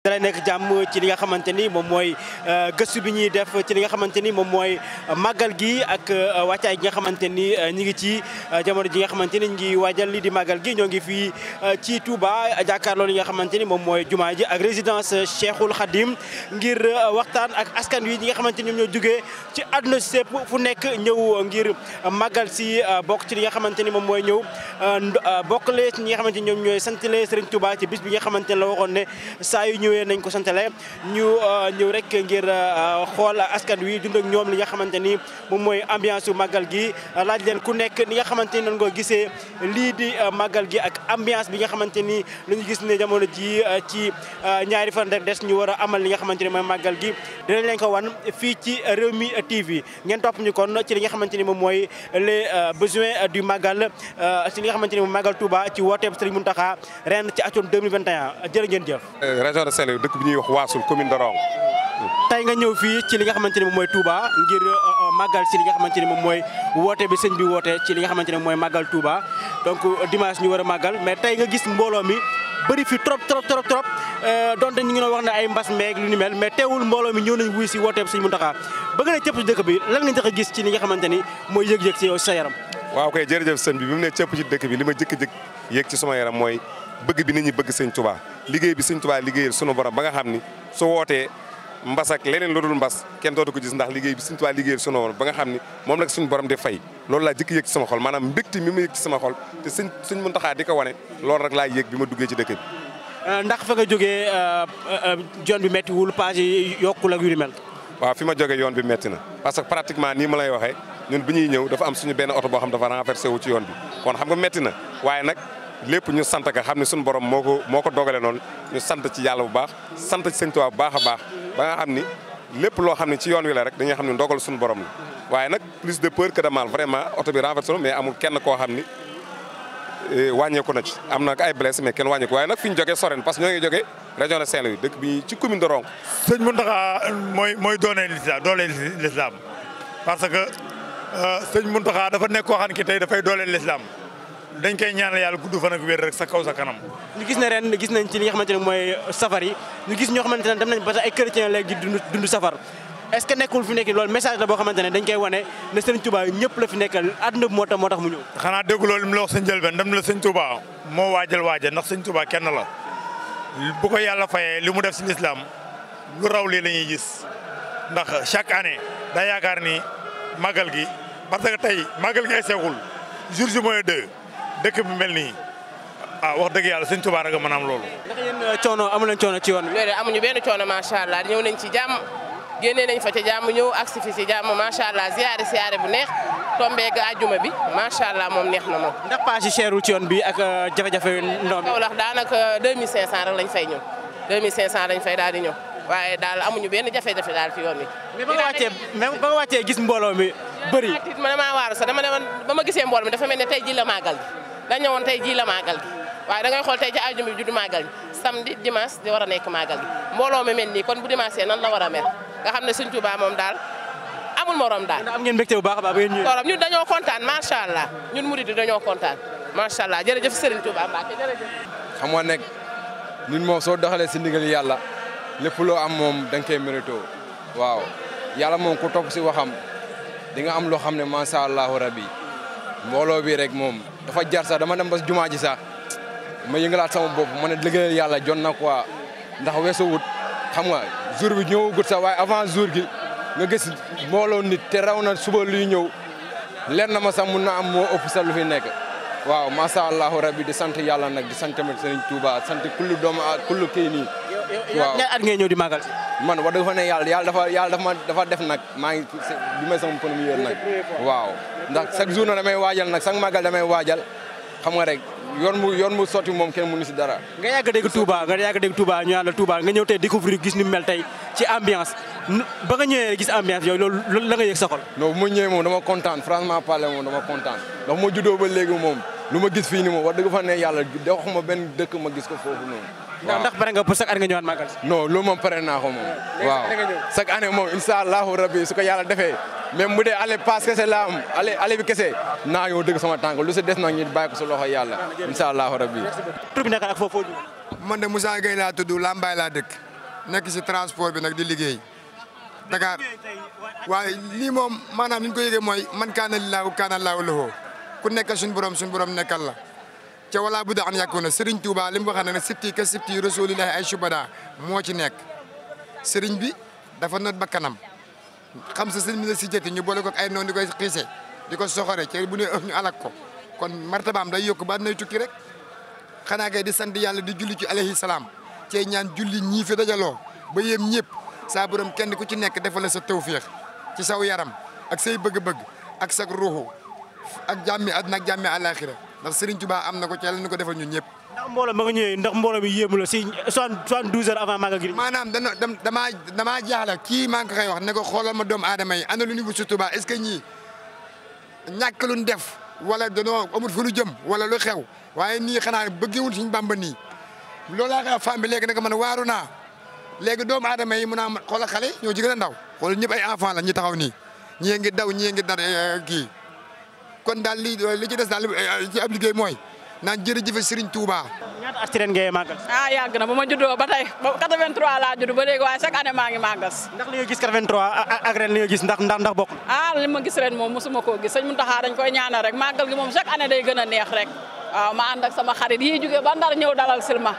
dana nekk jàmm ci li nga xamante ni moom mooy euh, gëstu bi ñuy def ci li nga xamante ni moom mooy màggal gi ak euh, wàccaay gi nga xamante ni euh, ñu ngi ci jamono ji nga xamante ni ñu ngi waajal li di màggal gi ñoo ngi fii ci Touba jàkkaarloo li nga xamante ni moom mooy jumaa ji ak résidence Cheikhul Khadim ngir waxtaan ak askan wi ñi nga xamante ni ñoom ñoo jógee ci àdduna si fu nekk ñëw ngir màggal si bokk ci li nga xamante ni moom mooy ñëw bokkale ñi nga xamante ni ñoom ñooy santale Serigne Touba ci bis bi nga xamante ñëwee nañ ko santale ñu euh, ñëw rek ngir euh, xool askan wi dund ak ñoom li nga xamante ni moom mooy ambiance yu màggal gi laaj leen ku nekk ni nga xamante ni noonu nga gisee lii di euh, màggal gi ak ambiance bi nga xamante ni lañu gis ne jamono ji ci ñaari fan rek des ñu war a amal li nga xamante ni mooy màggal gi dinañ leen ko wan fii ci Rewmi TV ngeen topp ñu kon ci li nga xamante ni moom mooy les besoins du màggal si li nga xamante ni moom màggal Touba ci wooteeb Serigne Mountakha ren ci atum 2021 jërë ngeen jëf installé dëkk bi ñuy wax waasul commune de Roangue tey nga ñëw fii ci li nga xamante ne moom mooy Touba ngir euh, euh, màggal ci li nga xamante mooy woote bi sëñ bi woote ci li nga xamante ne mooy màggal Touba donc euh, dimanche ñu war a mais tey nga gis mbooloo mi bëri fi trop trop trop trop donte ñu ngi doon wax ne ay mbas meeg lu ni mel mais teewul mbooloo mi ñëw nañ wuy si wooteeb sëñ Mountakha ba nga ne cëpp ci bi lan a gis ci li nga xamante ni mooy yëg-yëg ci yow sa yaram waaw kay jërëjëf sëñ bi bi mu ne cëpp ci dëkk bi li ma jëkk-jëkk yëg ci bi nit ñi bëgg sëñ liggéey bi Sëñ Tuubaa liggéeyal sunu borom ba nga xam ni su wootee mbas ak leneen lu dul mbas kenn tootu ko gis ndax liggéey bi Sëñ Tuubaa liggéeyal sunu borom ba nga xam ni moom la suñu borom di fay loolu laa jëkk yëg ci sama xol maanaam mbégte mi ma yëg ci sama xol te sëñ sëñ Muntaxaa di ko wane loolu rek laa yëg bi ma duggee ci dëkk bi euh, ndax fa nga jógee euh, euh, yoon bi métti wul page yi yokkul ak yu ni waaw fi ma jógee yoon bi métti na parce que pratiquement nii ma lay waxee ñun bi ñëw dafa am suñu benn oto boo xam dafa renversé wu ci yoon bi kon xam na waaye lépp ñu sant ka xam ne suñu borom moo ko moo ko dogale noonu ñu sant ci yàlla bu baax sant ci sëñ Tuubaa bu baax a baax ba nga xam ni lépp loo xam ne ci yoon wi la rek dañuy xam ne ndogal suñu borom la waaye nag plus de peur que de vraiment oto bi renversé mais amul kenn koo xam ni eh, wàññeeku na ci am na ay blessé mais kenn wàññeeku waaye nag fi ñu jógee soren parce que ñoo ngi jógee région de bi ci commune de Ronkh sëñ Mountakha mooy mooy doonee lislaam doole lislaam parce que euh, sëñ Mountakha dafa nekk koo xam ne ki tey dafay doole lislaam dañ koy ñaanal yàlla gudd fan ak wér rek sa kaw sa kanam. ñu gis ne ren gis nañ ci li nga xamante ne mooy safar yi ñu gis ñoo xamante ne dem nañ ba ay chrétien léegi di dund dund safar est-ce que nekkul fi nekk loolu message la boo xamante ne dañ koy wane ne sëñ Touba ñëpp la fi nekkal àdduna bi moo tax moo tax mu ñëw. xanaa dégg loolu mu la wax sëñ Jëlbeen dem la sëñ Touba moo waajal waajal ndax sëñ Touba kenn la bu ko yàlla fayee li mu def si lislaam lu raw lii la ñuy gis ndax chaque année daa yaakaar ni màggal gi parce que tey màggal gi ay seegul jour ji mooy deux dëkk bi mel nii ah wax dëgg yàlla sëñ Tuubaa rek a mën a am loolu. ndax uh, coono ci yoon bi. amuñu benn coono macha allah ñëw nañ ci jàmm génnee nañ fa ca jàmm ñëw agsi fi ci jàmm macha allah ziare ziare bu neex tombeeg àjjuma bi macha allah moom neex na moom. na paas yi seerul ci yoon bi ak uh, jafe-jafe ndoom. Kaolack daanaka 2500 rek lañ fay ñëw 2500 lañ fay daal di ñëw. waaye daal amuñu benn jafe-jafe daal ci yoon wi. mais ba nga gis mbooloo mi bër ma dama ne ba ma gisee mbooloo mi dafa mel ne tey ji la màggal gi. dañ ñëwoon tey jii la màggal gi waaye da ngay xool tey ci àjjuma bi juddu màggal gi samedi dimanche di war a nekk màggal gi mbooloo mi mel nii kon bu dimanche nan la war a mel nga xam ne Sëñ Tuubaa moom daal amul morom daal. am ngeen mbégte bu baax a baax ñun dañoo kontaan macha allah ñun murid di dañoo kontaan macha allah jërëjëf Serigne Touba Mbacke jërëjëf. xam nga nag nit moom soo doxalee si ndigal yàlla lépp loo am moom da nga koy mérito waaw yàlla moom ku topp si waxam di nga am loo xam ne macha allahu rabi mbooloo bi rek moom dafa jar sax dama dem ba jumaa ji sax ma yëngalaat sama bopp ma ne liggéeyal yàlla joon na waa ndax weesu wut xam nga jour bi ñëwagut sax waaye avant jour gi nga gis mbooloo nit te raw na suba luy ñëw leer na ma sax mun na am moo ëpp sax lu fi nekk. waaw macha allahu rabbi di sant yàlla nag di sant ma Serigne Touba sant kullu doomu ak kullu kii nii. waaw ñaar ngee ñëw di màggal si. man wax fa ne yàlla yàlla dafa yàlla dafa def nag maa ngi bi may sama premier nag waaw. ndax chaque jour na damay waajal nag chaque màggal damay waajal xam nga rek yoon mu yoon mu sotti moom kenn mënu si dara. nga yàgg dégg Touba nga yàgg dégg Touba ñu la Touba nga ñëw tey découvrir gis ni mu mel tey ci ambiance ba nga ñëwee gis ambiance yooyu loolu la nga yëg sa xol. non bu ñëwee moom dama kontaan franchement parler moom dama kontaan ndax ma juddoo ba léegi moom lu ma gis fii ni moom wax dëgg fa ne yàlla ma benn dëkk ma gis ko foofu noonu. waaw ndax pare nga pour chaque année nga ñëwaat màggal si. non loolu moom pare naa ko moom. waaw chaque année moom incha allahu rabi yàlla defee. même mu dee ale paas kese laa ale bi kese naa yow dëgg sama tànk lu si des nag ñu bàyyi ko su loxo yàlla incha allahu rabi. tur bi naka ak foofu man de Moussa Gueye laa tudd Lambaye laa dëkk nekk si transport bi nag di liggéey. Dakar waaye lii moom maanaam li ñu ko yëgee mooy man kaana laaw kaana laahu lahu ku nekk suñu borom suñu borom nekkal la. ca wala bu da an yàkkoon na Serigne Touba li mu waxee ne sibti ka sibti rasulillahi ay subada moo ci nekk Serigne bi dafa na ba kanam xam sa Serigne bi na si jëti ñu boole ko ay noon di koy xiise di ko soxore ca bu ne ñu alak ko kon martabaam day yokk ba nay tukki rek xanaa kay di sant yàlla di julli ci alayhi salaam cey ñaan julli ñii fi dajaloo ba yéem ñëpp saa borom kenn ku ci nekk defal sa sa tawféex ci saw yaram ak say bëgg-bëgg ak sa ruuxu ak jàmmi àddina ak jàmmi ndax Serigne Touba am na ko ci yàlla ni ko defal ñun ñëpp. ndax mbooloo ma nga ñëwee ndax mbooloo mi yéemu la si soixante-douze heures avant Magal gi. maanaam dana jaaxla kii maa ngi koy wax ne ko xoolal ma doomu aadama yi ana lu ñu wut si Touba est-ce ñàkk lu def wala danoo amul fu ñu jëm wala lu xew waaye nii xanaa bëggewul suñu Bàmba nii loolaa nga femme bi léegi nag man waaru naa léegi doomu adama yi mun naa xoolal xale ñoo ci gën ndaw xoolal ñëpp ay enfant la ñu taxaw nii ñii ngi daw ñii ngi dar eh, kii kon daal lii li ci des daal eh, ci ab liggéey mooy naan jërëjëf Serigne Touba. ñaata at ci ren ngay màggal. ah na ba ma juddoo ba tey ba 83 laa judd ba léegi waaye chaque année maa ngi màggal. ndax li nga gis 83 ak ren li nga gis ah, ma gis ren moom mosuma koo gis sëñ Mountakha dañ koy ñaanal rek màggal gi moom chaque année day gën a neex rek waaw ma ànd ak sama xarit yi jógee ba Ndar ñëw dalal silma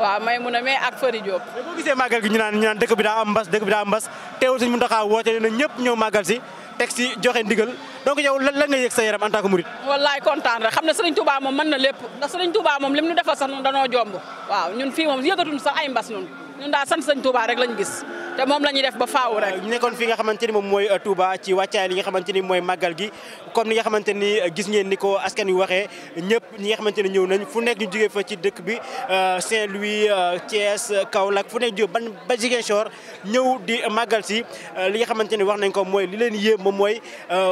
waaw may mun a may ak Fary Diop. mais boo gi ñu naan ñu naan dëkk bi daa dëkk bi daa am mbas teewul suñu woote na ñëpp ñëw màggal si teg si donc yow lan la nga yëg sa yaram wallaay kontaan rek xam ne Serigne Touba moom mën na lépp ndax Serigne Touba moom lim ñu defal sax ñun danoo jomb waaw ñun fii moom yëgatuñ sa ay mbas ñun ñun daal sant Serigne Touba rek lañu gis te moom la ñuy def ba faaw rek. ñu euh, nekkoon fi nga xamante ni moom mooy euh, Touba ci wàccaay li nga xamante ni mooy màggal gi comme ni nga xamante ni euh, gis ngeen ni ko askan wi waxee ñëpp ñi nga xamante ni ñëw nañ fu nekk ñu jógee fa ci dëkk bi Saint-Louis Thiès Kaolack fu nekk jógee ban ba Ziguinchor ñëw di màggal si li nga xamante ni wax nañ ko mooy li leen yéem moom mooy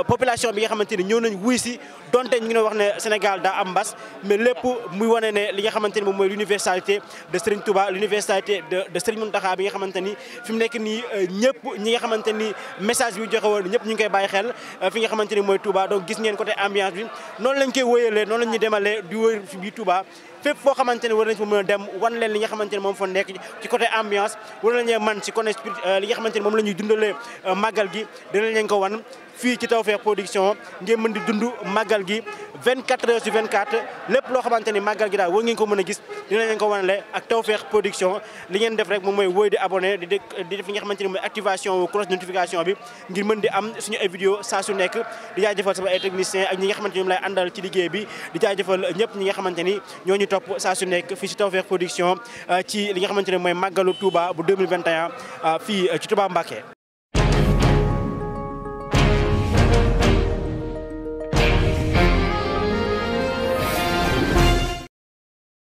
population bi nga xamante ni ñëw nañ wuy si donte ñu ngi doon wax ne Sénégal daa am mbas mais lépp muy wane ne li nga xamante ni moom mooy l'universalité de Serigne Touba l'universalité de de Serigne Mountakha bi nga xamante ni fi mu nekk nii euh, ñëpp ñi nga xamante ni message bi joxe woon ñëpp ñu ngi koy bàyyi xel euh, fi nga xamante ni mooy Touba donc gis ngeen côté ambiance bi noonu lañ koy wëyalee noonu la ñuy demalee di wër fi bii Touba fépp foo xamante ne war nañ fa mën wan li nga xamante ne moom fa nekk ci côté ambiance war nañ leen man ci côté li nga xamante ne moom la ñuy dundalee euh, màggal gi dinañ leen ko wan fii ci Tawfekh Production ngeen mën di dund màggal gi 24 heures sur 24 lépp loo xamante ni màggal gi daal war ngeen ko mën a gis dina leen ko wanale ak Tawfekh Production li ngeen def rek moom mooy wooy di abonné di di def li nga xamante ni mooy activation cloche notification bi ngir mën di am suñu ay vidéo saa su nekk di jaajëfal sama ay technicien ak ñi nga xamante ni ñoom àndal ci liggéey bi di jaajëfal ñëpp ñi nga xamante ni ñoo ñu topp saa su nekk fii ci Tawfekh ci li nga xamante ne mooy màggalu Touba bu 2021 fii ci Touba Mbacké